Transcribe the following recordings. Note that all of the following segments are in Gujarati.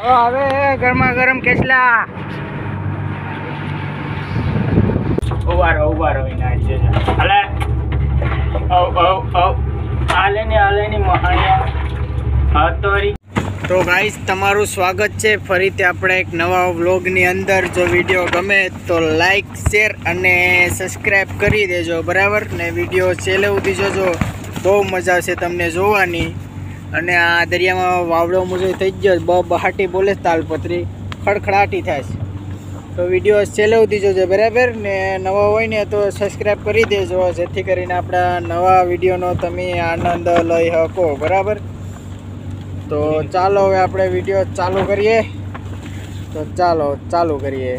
હવે ગરમા ગરમ કેટલા ઉભા રહો ઉભા રહો એના તો ગાઈસ તમારું સ્વાગત છે ફરીથી આપણે એક નવા વ્લોગની અંદર જો વિડીયો ગમે તો લાઇક શેર અને સબસ્ક્રાઈબ કરી દેજો બરાબર ને વિડીયો છેલ્લે સુધી જોજો બહુ મજા આવશે તમને જોવાની અને આ દરિયામાં વાવડો મોજો થઈ ગયો બ બહાટી બોલે તાલપત્રી ખડખડાટી થાય છે તો વિડીયો છેલ્લે સુધી જોજો બરાબર ને નવા હોય ને તો સબસ્ક્રાઈબ કરી દેજો જેથી કરીને આપણા નવા વિડીયોનો તમે આનંદ લઈ શકો બરાબર તો ચાલો હવે આપણે વિડીયો ચાલુ કરીએ તો ચાલો ચાલુ કરીએ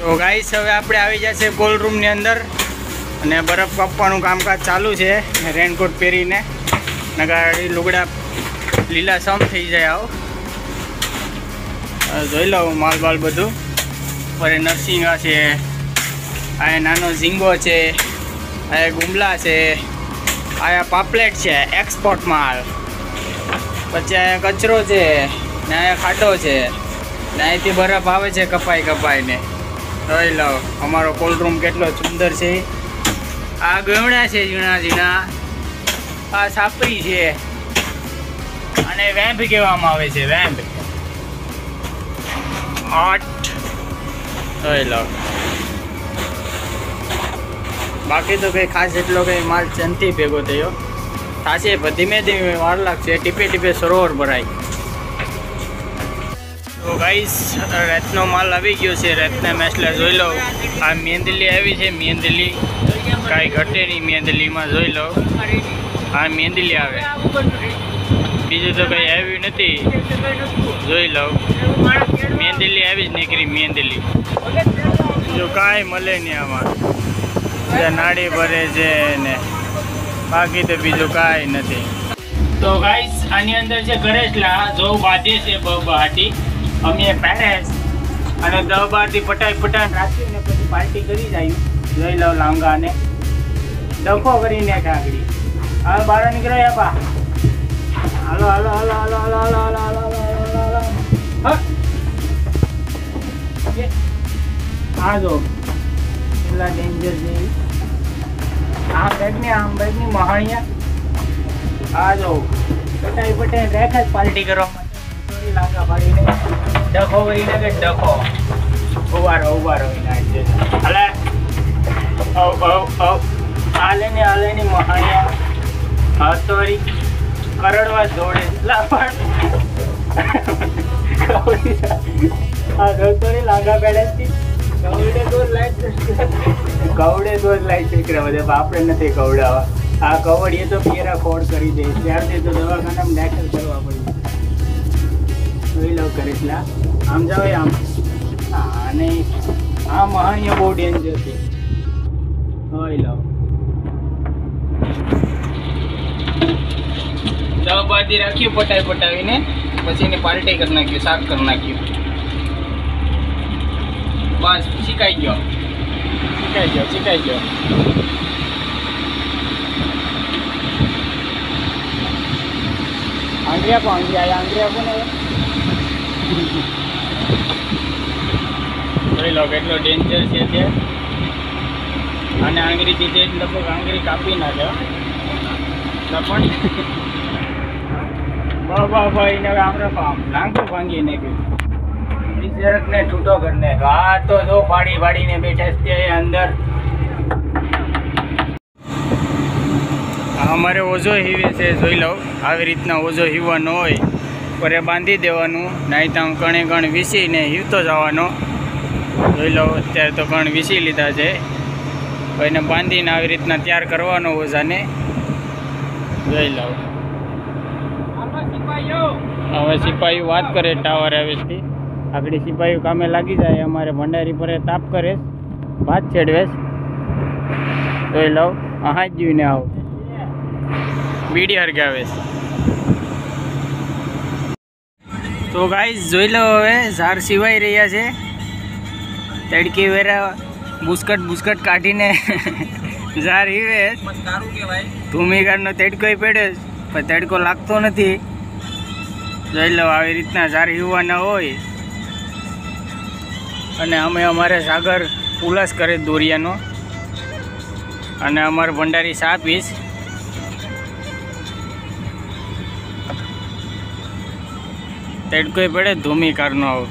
તો ગાઈસ હવે આપણે આવી જશે ગોલ રૂમની અંદર અને બરફ કાપવાનું કામકાજ ચાલુ છે રેનકોટ પહેરીને નગાડી લુગડા લીલાસમ થઈ જાય આવો જોઈ લઉં માલ માલબાલ બધું ફરી નરસિંહા છે આ નાનો ઝીંગો છે આ ગુમલા છે આ પાપલેટ છે એક્સપોર્ટ માલ પછી આ કચરો છે ને આ ખાટો છે ને અહીંથી બરફ આવે છે કપાઈ કપાઈને જોઈ લો અમારો કોલરૂમ કેટલો સુંદર છે આ ગમણા છે ઝીણા ઝીણા આ સાપરી છે અને વેમ્પ કહેવામાં આવે છે વેમ્પ આઠ જોઈ લો બાકી તો કંઈ ખાસ એટલો કંઈ માલ ચંતી ભેગો થયો થશે ધીમે ધીમે વાર લાગશે ટીપે ટીપે સરોવર ભરાય તો ગાઈસ રાતનો માલ આવી ગયો છે રાતના મેસલા જોઈ લો આ મેંદલી આવી છે મેંદલી કાંઈ ઘટે નહીં મેંદલીમાં જોઈ લો આ મેંદલી આવે બીજું તો કંઈ આવ્યું નથી જોઈ લો મેંદલી આવી જ નીકળી મેંદલી જો કાંઈ મળે નહીં આમાં ત્યાં નાળી ભરે છે ને બાકી તો બીજું કાંઈ નથી તો ગાઈસ આની અંદર છે લા જો બાધે છે બહાટી અમે પેરેસ અને દહ બારથી પટાઈ પટાઈ રાખીને પછી પાર્ટી કરી જાય લઈ લો લાંગાને ડંખો કરીને આગળ હાલ બહાર નીકળ્યા બા હાલો હાલો હાલો હાલો હાલો હાલો હાલો હાલો હાલો હાલો હા જો કેટલા ડેન્જર છે આ બેગની આમ બેગની મહાણિયા આ જો પટાઈ પટાઈ રેખ જ પાર્ટી કરવા નથી આ ગૌતરી લાગા બેડેથી ગૌડે દોર લાઈ ગૌડે છે કે બધે બાપડે નથી ગૌડાવા આ કવડીએ તો ફેરા ખોડ કરી દે ત્યારથી તો દવાખાના દાખલ કરવા પડ્યું જોઈ લઉં કરેલા આમ જાઓ આમ અને આમ અહીંયા બહુ ડેન્જર છે જોઈ લઉં દવાબાદી રાખી પટાવી પટાવીને પછી એને પાલટી કરી નાખ્યું સાફ કરી નાખ્યું બસ શીખાઈ ગયો શીખાઈ ગયો શીખાઈ ગયો આંગળી આપો આંગળી આંગળી આપો ને જોઈ લો કેટલો ડેન્જર છે તે અને આંગળીથી તે લગભગ આંગળી કાપી નાખે પણ બાબા ભાઈ ને આપણે લાંગો ભાંગી નાખ્યું જરાક ને છૂટો કરી આ તો જો પાડી પાડીને બેઠા છે અંદર અમારે ઓઝો હીવે છે જોઈ લઉં આવી રીતના ઓઝો ન હોય પરે બાંધી દેવાનું નહીં તો કણે કણ વીસીને હીવતો જવાનો જોઈ લો અત્યારે તો કણ વીસી લીધા છે એને બાંધીને આવી રીતના તૈયાર કરવાનો ઓઝાને જોઈ લો હવે સિપાહી વાત કરે ટાવર આવેથી આગળ સિપાહી કામે લાગી જાય અમારે ભંડારી પર તાપ કરે ભાત છેડવેશ જોઈ લઉં હા જ જીવને આવું બીડી હરગાવે તો ગાઈઝ જોઈ લો હવે ઝાડ સિવાય રહ્યા છે તડકી વેરા બુસ્કટ બુસ્કટ કાઢીને ઝાડ હીવે ભૂમિકાનો તડકો પડ્યો પણ તડકો લાગતો નથી જોઈ લો આવી રીતના ઝાડ હિવવાના હોય અને અમે અમારે સાગર ઉલ્લાસ કરે દોરિયાનો અને અમારો ભંડારી સાપીશ તડકોય પડે ધૂમી કારનો આવું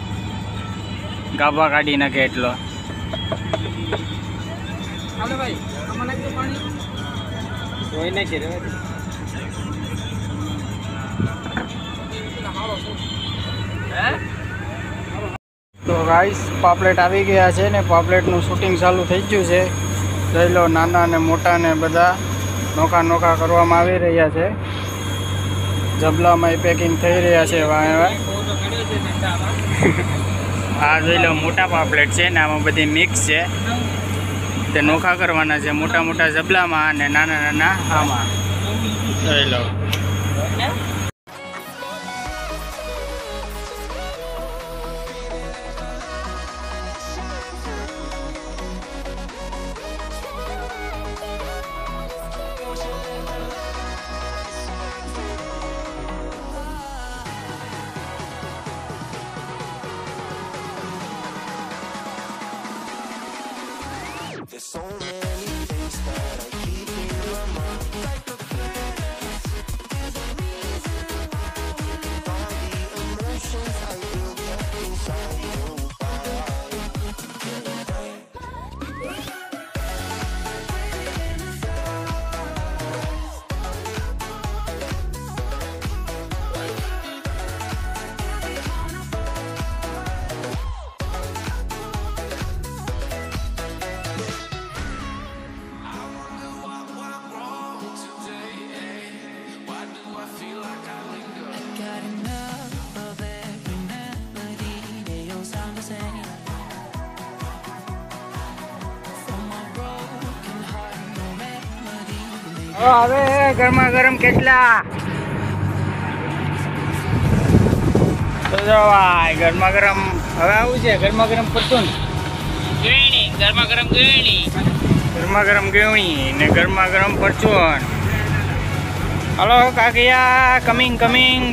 ગાભા કાઢી નાખે એટલો તો રાઈસ પાપલેટ આવી ગયા છે ને પાપલેટનું શૂટિંગ ચાલુ થઈ ગયું છે જોઈ લો નાના ને મોટા ને બધા નોકા નોકા કરવામાં આવી રહ્યા છે જબલામાં પેકિંગ થઈ રહ્યા છે આ જોઈ લો મોટા પાપલેટ છે ને આમાં બધી મિક્સ છે તે નોખા કરવાના છે મોટા મોટા જબલામાં અને નાના નાના આમાં જોઈ લો તો હવે ગરમા ગરમ કેટલા તો ગરમા ગરમ હવે આવું છે ગરમા ગરમ પરચું ગેણી ગરમા ગરમ ગેણી ગરમા ગરમ ગેણી ને ગરમા ગરમ પરચું હલો કાકિયા કમિંગ કમિંગ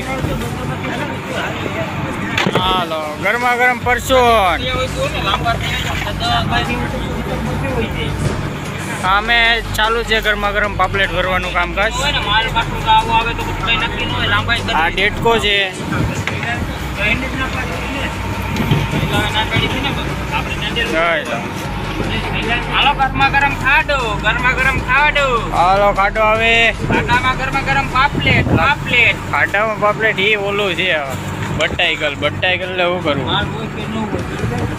હાલો ગરમા ગરમ પરચું અમે ચાલુ છે ગરમા ગરમ પાપલેટ ભરવાનું કામકાજ આ ડેટકો છે હાલો ગરમા ગરમ ખાડો ગરમા ગરમ ખાડો હાલો ખાડો આવે ખાડામાં ગરમા ગરમ પાપલેટ પાપલેટ ખાડામાં પાપલેટ એ ઓલું છે બટ્ટાઈકલ બટ્ટાઈકલ એટલે શું કરવું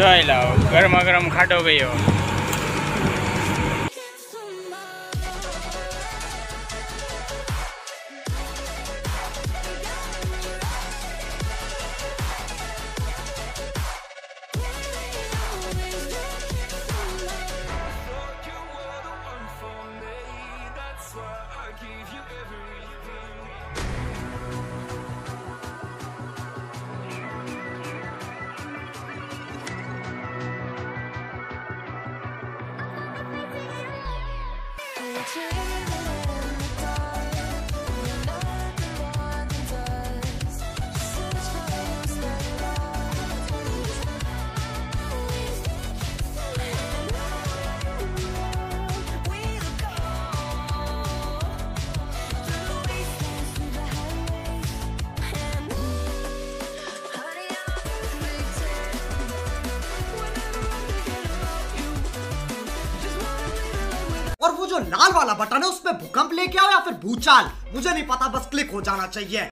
જોઈ લાવો ગરમા ગરમ ખાડો ગયો Cheers. लाल वाला बटन है उसमें भूकंप लेके आओ या फिर भूचाल मुझे नहीं पता बस क्लिक हो जाना चाहिए